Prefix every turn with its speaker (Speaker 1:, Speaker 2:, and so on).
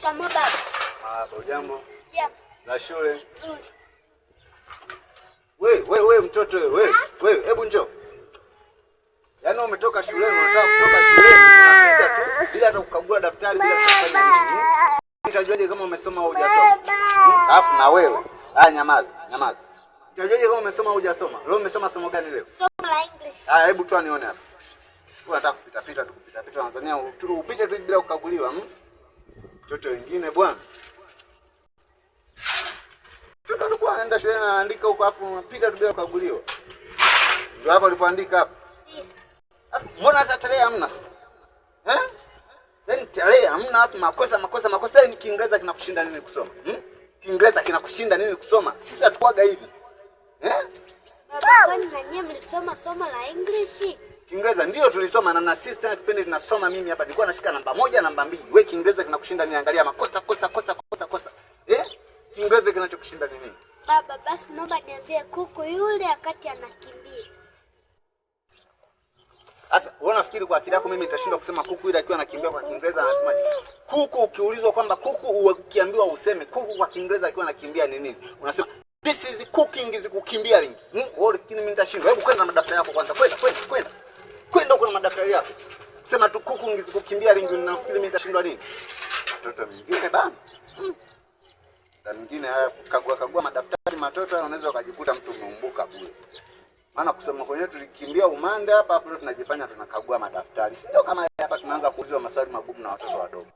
Speaker 1: Shikamoo baba. Baba, ah, jambo? Sijambo.
Speaker 2: Za shule? Nzuri. Wewe wewe wewe mtoto wewe wewe hebu njoo. Yaani umetoka shuleni unataka kutoka shuleni unapita tu bila hata kukagua daftari bila kufanya nini. Utajuaje hmm? kama umesoma au hujasoma?
Speaker 1: Hmm?
Speaker 2: Alafu na wewe. Ah, nyamaza, nyamaza. Utajuaje kama umesoma au hujasoma? Leo umesoma somo gani leo?
Speaker 1: Somo la English.
Speaker 2: Ah, hebu toa nione hapa. Unataka kupita pita tu kupita pita Tanzania upite tu bila kukaguliwa. Hmm? watoto wengine bwana, mtoto alikuwa anaenda shule anaandika huko, afu unapiga tu bila kukaguliwa. Ndio hapo alipoandika hapo. Mbona hata tarehe hamna eh? Yaani tarehe hamna, hapo makosa makosa makosa. Ni yaani Kiingereza kinakushinda nini kusoma hmm? Kiingereza kinakushinda nini kusoma? Sisi hatuaga hivi eh?
Speaker 1: Baba, wewe na nyinyi mlisoma somo la English?
Speaker 2: Kiingereza ndio tulisoma na na sister kipindi tunasoma mimi hapa nilikuwa nashika namba moja, namba mbili. Wewe Kiingereza kinakushinda ni angalia makosa kosa kosa kosa kosa. Eh? Kiingereza kinachokushinda ni nini?
Speaker 1: Baba, basi naomba niambie kuku yule akati anakimbia.
Speaker 2: Sasa wewe unafikiri kwa akili yako mimi nitashindwa kusema kuku yule akiwa anakimbia kwa Kiingereza anasema nini? kuku? Ukiulizwa kwamba kuku, ukiambiwa useme kuku kwa Kiingereza akiwa anakimbia ni nini? Unasema this is cooking, is kukimbia lingi. Hmm? Wewe unafikiri mimi nitashindwa? Hebu kwenda na madaftari yako kwanza, kwenda kwenda kwenda kusoma madaftari yako, sema tu kuku ngizikukimbia tota na nafikiri mimi nitashindwa nini? Mtoto mwingine bana mm. mwingine haya kagua kagua madaftari matoto, unaweza ukajikuta mtu umeumbuka bure. Maana kusema kwenyewe tulikimbia umande hapa hapo, tunajifanya tunakagua madaftari, sio ndio? Kama hapa tunaanza kuulizwa maswali magumu na watoto wadogo.